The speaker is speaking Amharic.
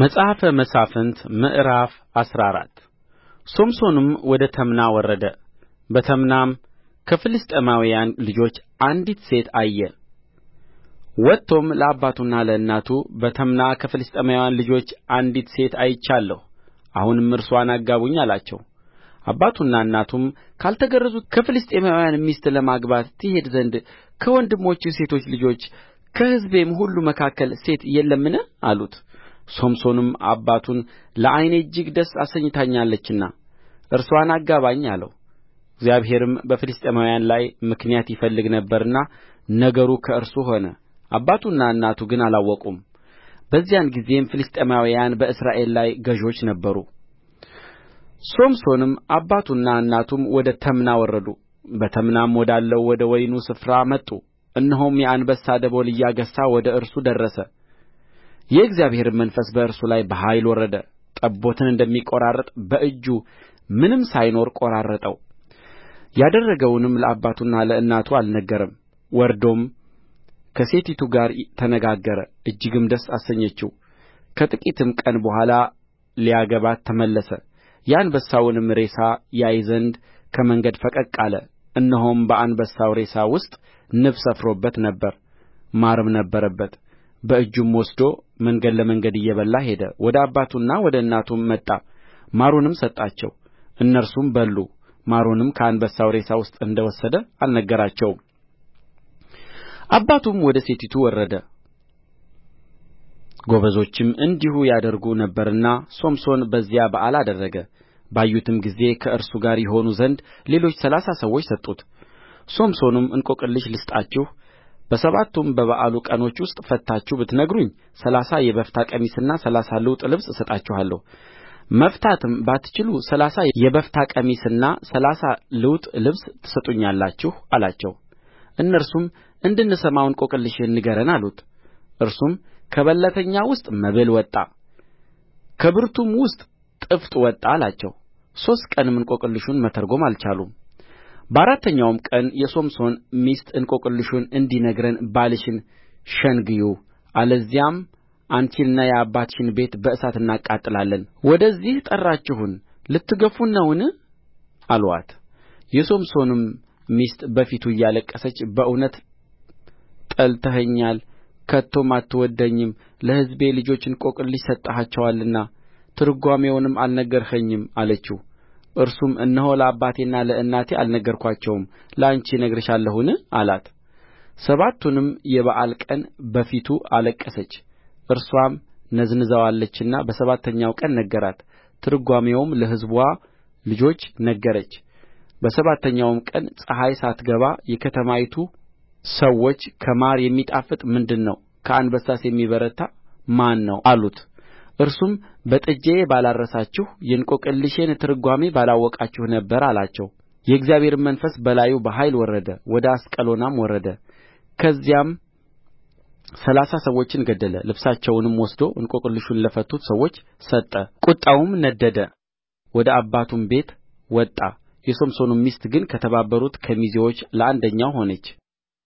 መጽሐፈ መሣፍንት ምዕራፍ አስራ አራት ሶምሶንም ወደ ተምና ወረደ። በተምናም ከፍልስጥኤማውያን ልጆች አንዲት ሴት አየ። ወጥቶም ለአባቱና ለእናቱ በተምና ከፍልስጥኤማውያን ልጆች አንዲት ሴት አይቻለሁ፣ አሁንም እርሷን አጋቡኝ አላቸው። አባቱና እናቱም ካልተገረዙት ከፍልስጥኤማውያን ሚስት ለማግባት ትሄድ ዘንድ ከወንድሞችህ ሴቶች ልጆች ከሕዝቤም ሁሉ መካከል ሴት የለምን? አሉት። ሶምሶንም አባቱን ለዓይኔ እጅግ ደስ አሰኝታኛለችና እርስዋን አጋባኝ አለው እግዚአብሔርም በፍልስጥኤማውያን ላይ ምክንያት ይፈልግ ነበርና ነገሩ ከእርሱ ሆነ አባቱና እናቱ ግን አላወቁም በዚያን ጊዜም ፍልስጥኤማውያን በእስራኤል ላይ ገዦች ነበሩ ሶምሶንም አባቱና እናቱም ወደ ተምና ወረዱ በተምናም ወዳለው ወደ ወይኑ ስፍራ መጡ እነሆም የአንበሳ ደቦል እያገሣ ወደ እርሱ ደረሰ የእግዚአብሔርም መንፈስ በእርሱ ላይ በኃይል ወረደ ጠቦትን እንደሚቈራርጥ በእጁ ምንም ሳይኖር ቈራረጠው ያደረገውንም ለአባቱና ለእናቱ አልነገረም ወርዶም ከሴቲቱ ጋር ተነጋገረ እጅግም ደስ አሰኘችው ከጥቂትም ቀን በኋላ ሊያገባት ተመለሰ የአንበሳውንም ሬሳ ያይ ዘንድ ከመንገድ ፈቀቅ አለ እነሆም በአንበሳው ሬሳ ውስጥ ንብ ሰፍሮበት ነበር ማርም ነበረበት በእጁም ወስዶ መንገድ ለመንገድ እየበላ ሄደ ወደ አባቱና ወደ እናቱም መጣ ማሩንም ሰጣቸው እነርሱም በሉ ማሩንም ከአንበሳው ሬሳ ውስጥ እንደ ወሰደ አልነገራቸውም አባቱም ወደ ሴቲቱ ወረደ ጎበዞችም እንዲሁ ያደርጉ ነበርና ሶምሶን በዚያ በዓል አደረገ ባዩትም ጊዜ ከእርሱ ጋር ይሆኑ ዘንድ ሌሎች ሠላሳ ሰዎች ሰጡት ሶምሶንም እንቈቅልሽ ልስጣችሁ በሰባቱም በበዓሉ ቀኖች ውስጥ ፈትታችሁ ብትነግሩኝ ሠላሳ የበፍታ ቀሚስና ሠላሳ ልውጥ ልብስ እሰጣችኋለሁ መፍታትም ባትችሉ ሠላሳ የበፍታ ቀሚስና ሠላሳ ልውጥ ልብስ ትሰጡኛላችሁ አላቸው እነርሱም እንድንሰማው እንቈቅልሽህን ንገረን አሉት እርሱም ከበለተኛ ውስጥ መብል ወጣ ከብርቱም ውስጥ ጥፍጥ ወጣ አላቸው ሦስት ቀንም እንቈቅልሹን መተርጎም አልቻሉም በአራተኛውም ቀን የሶምሶን ሚስት እንቈቅልሹን እንዲነግረን ባልሽን ሸንግዪው አለዚያም አንቺንና የአባትሽን ቤት በእሳት እናቃጥላለን ወደዚህ ጠራችሁን ልትገፉን ነውን አሉአት የሶምሶንም ሚስት በፊቱ እያለቀሰች በእውነት ጠልተኸኛል ከቶም አትወድደኝም ለሕዝቤ ልጆች እንቈቅልሽ ሰጥተሃቸዋልና ትርጓሜውንም አልነገርኸኝም አለችው እርሱም እነሆ ለአባቴና ለእናቴ አልነገርኋቸውም ለአንቺ እነግርሻለሁን አላት ሰባቱንም የበዓል ቀን በፊቱ አለቀሰች እርስዋም ነዝንዛዋለችና በሰባተኛው ቀን ነገራት ትርጓሜውም ለሕዝብዋ ልጆች ነገረች በሰባተኛውም ቀን ፀሐይ ሳትገባ የከተማይቱ ሰዎች ከማር የሚጣፍጥ ምንድር ነው ከአንበሳስ የሚበረታ ማን ነው አሉት እርሱም በጥጃዬ ባላረሳችሁ የእንቈቅልሼን ትርጓሜ ባላወቃችሁ ነበር አላቸው የእግዚአብሔርም መንፈስ በላዩ በኃይል ወረደ ወደ አስቀሎናም ወረደ ከዚያም ሠላሳ ሰዎችን ገደለ ልብሳቸውንም ወስዶ እንቈቅልሹን ለፈቱት ሰዎች ሰጠ ቍጣውም ነደደ ወደ አባቱም ቤት ወጣ የሶምሶንም ሚስት ግን ከተባበሩት ከሚዜዎች ለአንደኛው ሆነች